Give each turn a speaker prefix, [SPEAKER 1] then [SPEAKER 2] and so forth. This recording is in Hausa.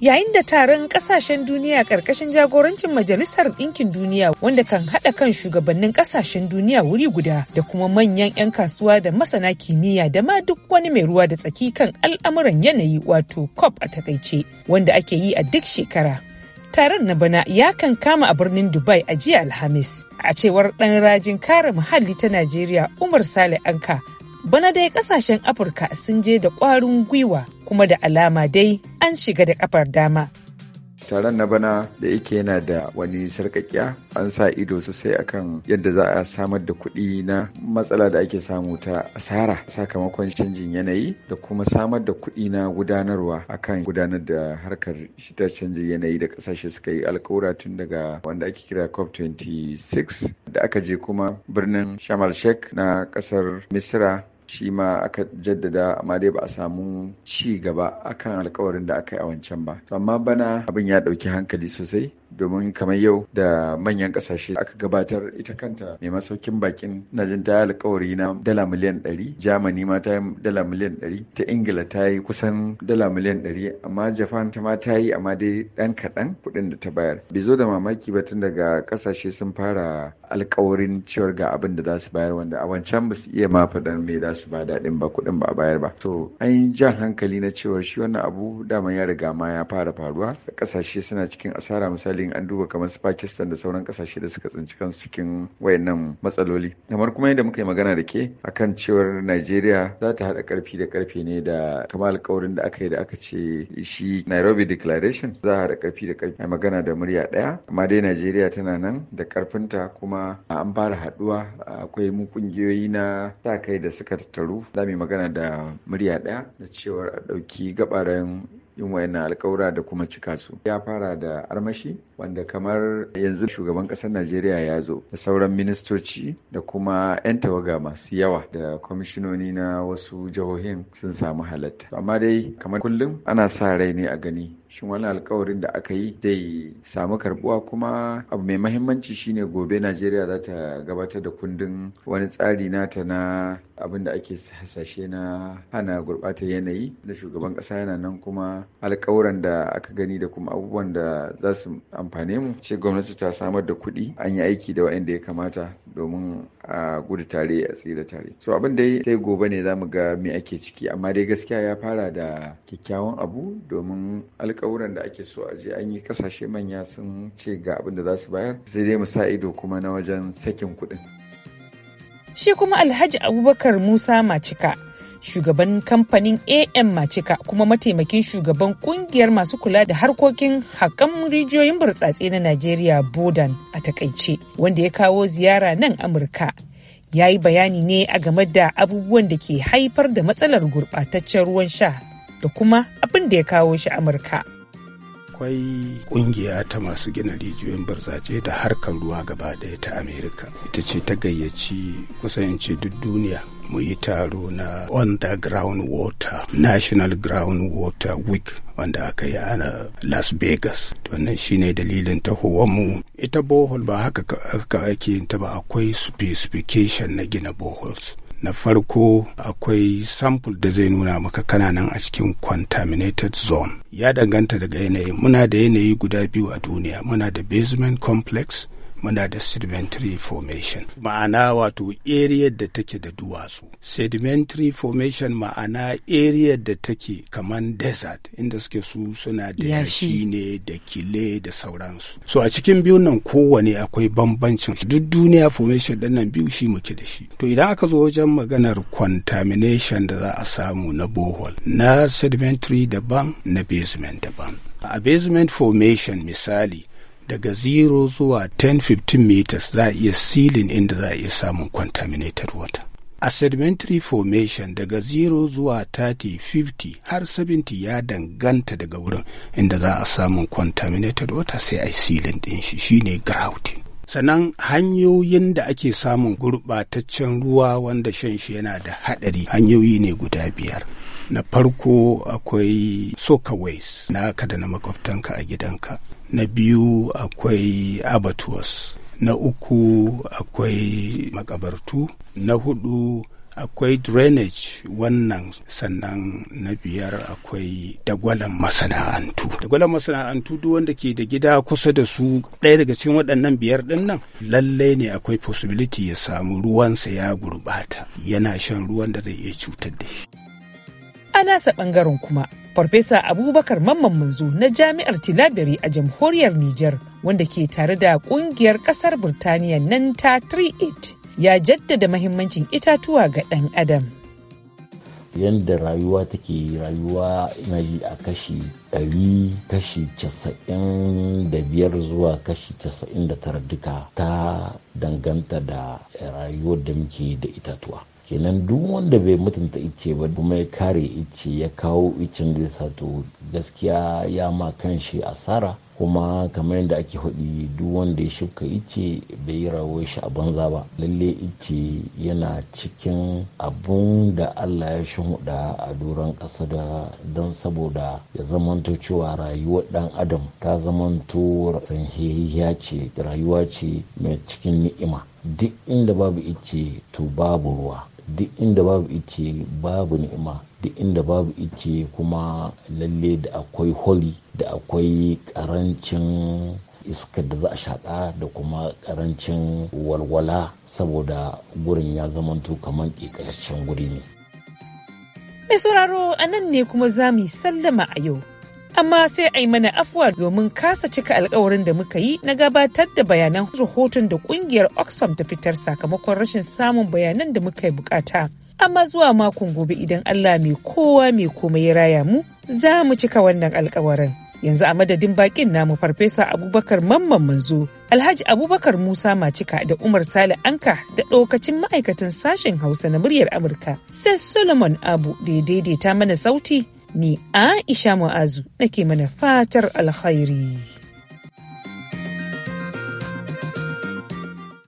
[SPEAKER 1] yayin da taron kasashen duniya karkashin jagorancin majalisar ɗinkin duniya wanda kan haɗa kan shugabannin kasashen duniya wuri guda da kuma manyan 'yan kasuwa da masana kimiyya da ma duk wani mai ruwa da tsaki kan al'amuran yanayi wato cop a takaice wanda ake yi a duk shekara taron na bana ya kan kama a birnin dubai a jiya alhamis a cewar ɗan rajin kare muhalli ta najeriya umar sale anka bana dai kasashen afirka sun je da kwarin gwiwa kuma da alama dai an shiga da kafar dama
[SPEAKER 2] taron na bana da yake yana da wani sarkakiya an sa ido sosai akan yadda za a samar da kuɗi na matsala da ake samu ta asara sakamakon canjin yanayi da kuma samar da kuɗi na gudanarwa akan gudanar da harkar shita canjin yanayi da ƙasashe suka yi alkawura tun daga wanda ake kira cop 26 da aka je kuma birnin shamal sheikh na ƙasar misira. shi ma aka jaddada amma dai ba a samu ci gaba akan alkawarin da aka yi a wancan ba amma bana abin ya ɗauki hankali sosai domin kamar yau da manyan kasashe aka gabatar ita kanta mai masaukin bakin na jin ta alkawari na dala miliyan 100 germany ma ta yi dala miliyan 100 ta ingila ta yi kusan dala miliyan 100 amma japan ta ma ta yi amma dai dan kaɗan kuɗin da ta bayar bai zo da mamaki ba tun daga kasashe sun fara alkawarin cewar ga abin da za su bayar wanda a wancan ba su iya ma faɗan mai za su ba daɗin ba kuɗin ba a bayar ba to an yi jan hankali na cewar shi wannan abu dama ya riga ma ya fara faruwa Kasashe suna cikin asara misali an duba kamar su pakistan da sauran kasashe da suka tsinci kansu cikin wayannan matsaloli kamar kuma yadda muka yi magana da ke akan cewar najeriya za ta haɗa ƙarfi da ƙarfe ne da kamar alƙawarin da aka yi da aka ce shi nairobi declaration za a haɗa ƙarfi da ƙarfe magana da murya ɗaya amma dai najeriya tana nan da ƙarfinta kuma an fara haɗuwa akwai mu ƙungiyoyi na sa kai da suka tattaru za mu yi magana da murya ɗaya da cewar a ɗauki gabaran yin wayannan alkawura da kuma cika su ya fara da armashi wanda kamar yanzu shugaban ƙasar najeriya ya zo da sauran ministoci da kuma 'yan tawaga masu yawa da kwamishinoni na wasu jihohin sun samu halatta amma dai kamar kullum ana sa rai ne a gani shin wannan alkawarin da aka yi zai samu karbuwa kuma abu mai mahimmanci shine gobe najeriya za ta gabatar da kundin wani tsari nata na abin da ake hasashe na hana gurbatar yanayi da shugaban ƙasa yana nan kuma alkawuran da aka gani da kuma abubuwan da za su amfane mu ce gwamnati ta samar da kuɗi an yi aiki da wa'anda ya kamata domin a gudu tare a tsira tare so abin dai sai gobe ne za mu ga me ake ciki amma dai gaskiya ya fara da kyakkyawan abu domin alkawuran da ake so a je an yi kasashe manya sun ce ga abin da za su bayar sai dai mu sa ido kuma na wajen sakin kuɗin.
[SPEAKER 1] Shi kuma Alhaji Abubakar Musa Macika shugaban kamfanin am macika kuma mataimakin shugaban kungiyar masu kula da harkokin hakan rijiyoyin burtsatse na najeriya bodan a takaice wanda ya kawo ziyara nan amurka ya yi bayani ne a game da abubuwan da ke haifar da matsalar gurɓataccen ruwan sha da kuma abin da ya kawo shi amurka
[SPEAKER 3] akwai kungiya ta masu gina rijiyoyin burtsatse da harkar ruwa gaba daya ta amerika ita ce ta gayyaci kusan ce duk duniya mu yi taro na underground water national ground water week wanda aka yi a las vegas wannan shine dalilin mu ita bohol ba haka ka ake yin ta ba akwai specification na gina boholes na farko akwai sample da zai nuna maka kananan a cikin contaminated zone ya danganta daga yanayi muna da yanayi guda biyu a duniya muna da basement complex muna da sedimentary formation ma'ana wato area da take da duwatsu sedimentary formation ma'ana area da take kaman desert inda suke su suna da yashi ne da kile da sauransu so a cikin biyun nan kowane akwai bambancin duk duniya formation din nan biyu shi muke da shi to idan aka zo wajen maganar contamination da za a samu na bohol na sedimentary daban na basement daban a basement formation misali daga 0 zuwa 10-15 meters za a iya silin inda za a iya samun contaminated water. A sedimentary formation daga 0 zuwa 30-50 har 70 ya danganta daga wurin inda za a samun contaminated water sai a yi din ɗin shi shine grouting. sannan hanyoyin da ake samun gurɓataccen ruwa wanda shan shi yana da haɗari hanyoyi ne guda biyar na farko akwai soka ways. na aka da na makwabtanka a gidanka na biyu akwai abatuwas na uku akwai makabartu na hudu akwai drainage wannan sannan na biyar akwai dagwalan masana'antu dagwalan masana'antu duk wanda ke da gida kusa da su ɗaya daga cikin waɗannan biyar ɗin lallai ne akwai possibility ya samu ruwansa ya gurɓata yana shan ruwan da zai iya cutar da shi
[SPEAKER 1] a nasa bangaren kuma farfesa abubakar mamman manzo na jami'ar tilabiri a jamhuriyar niger wanda ke tare da kungiyar kasar burtaniya nan ta 38 ya jaddada mahimmancin itatuwa ga dan adam
[SPEAKER 4] yadda rayuwa take rayuwa na yi a kashi 100 kashi 95 zuwa kashi 99 duka ta danganta da rayuwar da muke da itatuwa kenan duk wanda bai mutunta icce ba kuma ya kare icce ya kawo iccen zai sato gaskiya ya ma kan shi asara kuma kamar yadda ake hudi duk wanda ya shuka ice bai yi rawar shi a banza ba lalle icce yana cikin abun da allah ya shuhuda a doron ƙasa da don saboda ya zamanto cewa rayuwar dan adam ta zamanto hihiya ce rayuwa ce mai cikin ni'ima duk inda babu icce to babu ruwa duk inda babu ice babu ni'ima duk inda babu ice kuma lalle da akwai holi da akwai karancin iskar da za a shaɗa da kuma karancin walwala saboda gurin ya zamanto kamar ƙiƙarshen guri ne.
[SPEAKER 1] Mai sauraro a nan ne kuma za sallama a yau. amma sai a yi mana afuwa domin kasa cika alkawarin da muka yi na gabatar da bayanan rahoton da kungiyar oxfam ta fitar sakamakon rashin samun bayanan da muka yi bukata amma zuwa makon gobe idan allah mai kowa mai komai ya raya mu za mu cika wannan alkawarin yanzu a madadin bakin namu farfesa abubakar mamman manzo alhaji abubakar musa macika da umar sale anka da ɗaukacin ma'aikatan sashen hausa na muryar amurka sai solomon abu da ya daidaita mana sauti Ni Aisha Mu'azu nake mana fatar alkhairi.